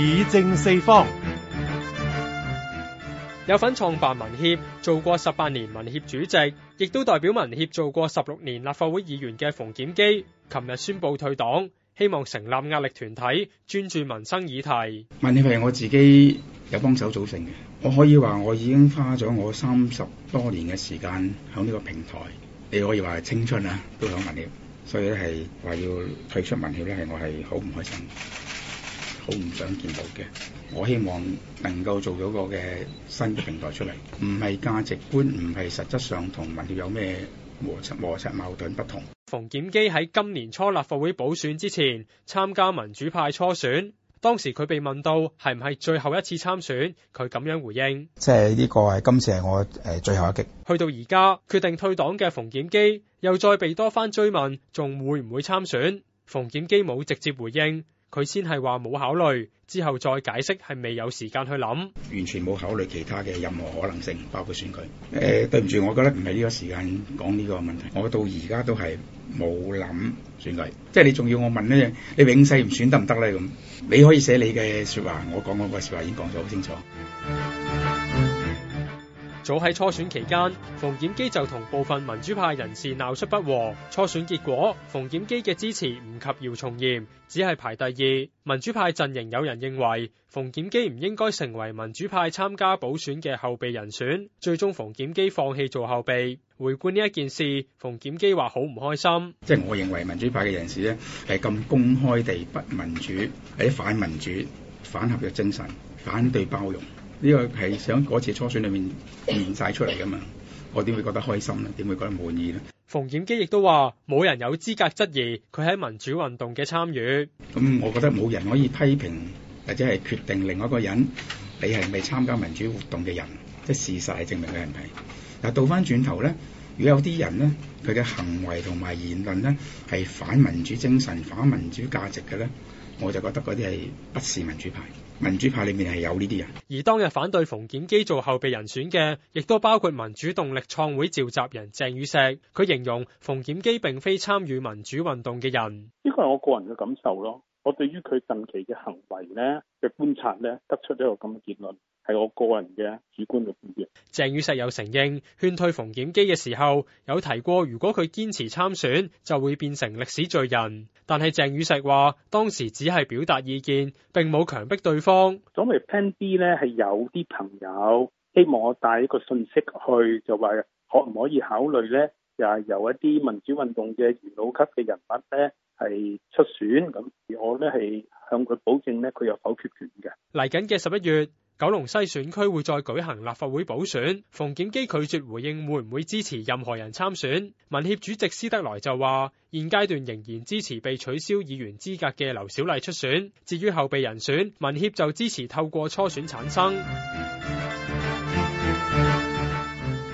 議政四方。有份創辦民協，做過十八年民協主席，亦都代表民協做過十六年立法會議員嘅馮檢基，琴日宣布退黨，希望成立壓力團體，專注民生議題。民協係我自己有幫手組成嘅，我可以話我已經花咗我三十多年嘅時間響呢個平台，你可以話係青春啊，都響民協，所以係話要退出民協咧，係我係好唔開心的。都唔想見到嘅，我希望能夠做咗個嘅新嘅平台出嚟，唔係價值觀，唔係實質上同民協有咩摩擦、摩擦矛盾不同。馮檢基喺今年初立法會補選之前參加民主派初選，當時佢被問到係唔係最後一次參選，佢咁樣回應：即係呢個係今次係我誒最後一擊。去到而家決定退黨嘅馮檢基，又再被多番追問，仲會唔會參選？馮檢基冇直接回應。佢先係話冇考慮，之後再解釋係未有時間去諗，完全冇考慮其他嘅任何可能性，包括選舉。誒、呃，對唔住我，覺得唔係呢個時間講呢個問題。我到而家都係冇諗選舉，即係你仲要我問呢？你永世唔選得唔得咧？咁你可以寫你嘅說話，我講我嘅說話已經講咗好清楚。早喺初選期間，馮檢基就同部分民主派人士鬧出不和。初選結果，馮檢基嘅支持唔及姚松炎，只係排第二。民主派陣營有人認為馮檢基唔應該成為民主派參加補選嘅後備人選。最終馮檢基放棄做後備。回顧呢一件事，馮檢基話好唔開心，即係我認為民主派嘅人士呢係咁公開地不民主，喺反民主、反合約精神、反對包容。呢個係想嗰次初選裏面現晒出嚟噶嘛？我點會覺得開心咧？點會覺得滿意呢？馮檢基亦都話：冇人有資格質疑佢喺民主運動嘅參與。咁我覺得冇人可以批評或者係決定另外一個人你係未參加民主活動嘅人，即係事實係證明佢唔係。但倒翻轉頭咧，如果有啲人咧，佢嘅行為同埋言論咧係反民主精神、反民主價值嘅咧，我就覺得嗰啲係不是民主派。民主派裏面係有呢啲人，而當日反對馮檢基做後備人選嘅，亦都包括民主動力創會召集人鄭宇碩。佢形容馮檢基並非參與民主運動嘅人。呢個係我個人嘅感受咯。我對於佢近期嘅行為咧嘅觀察咧，得出咗一個咁嘅結論，係我個人嘅主觀嘅觀點。鄭宇碩有承認，勸退馮檢基嘅時候，有提過如果佢堅持參選，就會變成歷史罪人。但係鄭宇碩話，當時只係表達意見，並冇強迫對方。總之，plan B 咧係有啲朋友希望我帶一個信息去，就話可唔可以考慮咧，就係由一啲民主運動嘅元老級嘅人物咧係出選咁。呢係向佢保證呢佢有否決權嘅。嚟緊嘅十一月，九龍西選區會再舉行立法會補選。馮檢基拒絕回應會唔會支持任何人參選。民協主席施德來就話：現階段仍然支持被取消議員資格嘅劉小麗出選。至於後備人選，民協就支持透過初選產生。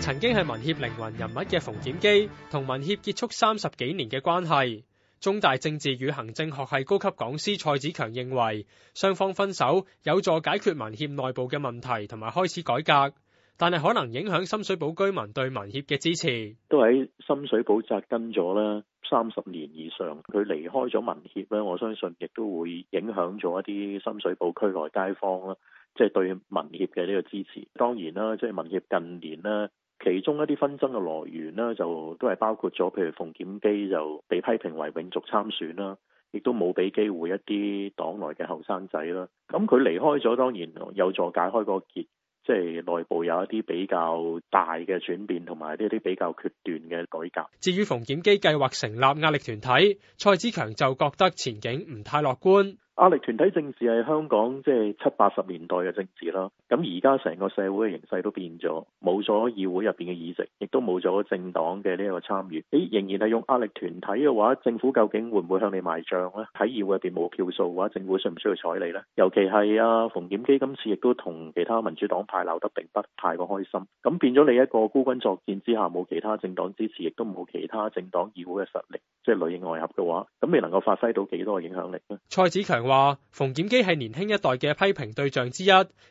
曾經係民協靈魂人物嘅馮檢基，同民協結束三十幾年嘅關係。中大政治與行政學系高級講師蔡子強認為，雙方分手有助解決民協內部嘅問題同埋開始改革，但係可能影響深水埗居民對民協嘅支持。都喺深水埗紮根咗啦三十年以上，佢離開咗民協咧，我相信亦都會影響咗一啲深水埗區內街坊啦，即係對民協嘅呢個支持。當然啦，即係民協近年其中一啲紛爭嘅來源呢，就都係包括咗，譬如馮檢基就被批評為永續參選啦，亦都冇俾機會一啲黨內嘅後生仔啦。咁佢離開咗，當然有助解開個結，即係內部有一啲比較大嘅轉變，同埋呢啲比較決斷嘅改革。至於馮檢基計劃成立壓力團體，蔡子強就覺得前景唔太樂觀。壓力團體政治係香港即係七八十年代嘅政治啦。咁而家成個社會嘅形勢都變咗，冇咗議會入邊嘅議席，亦都冇咗政黨嘅呢一個參與。誒、哎，仍然係用壓力團體嘅話，政府究竟會唔會向你賣賬咧？喺議會入邊冇票數嘅話，政府需唔需要睬你呢？尤其係啊，馮檢基今次亦都同其他民主黨派鬧得並不太過開心，咁變咗你一個孤軍作戰之下冇其他政黨支持，亦都冇其他政黨議會嘅實力，即係裡應外合嘅話，咁未能夠發揮到幾多嘅影響力咧？蔡子強。話馮檢基係年輕一代嘅批評對象之一，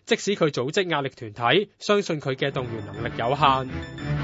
即使佢組織壓力團體，相信佢嘅動員能力有限。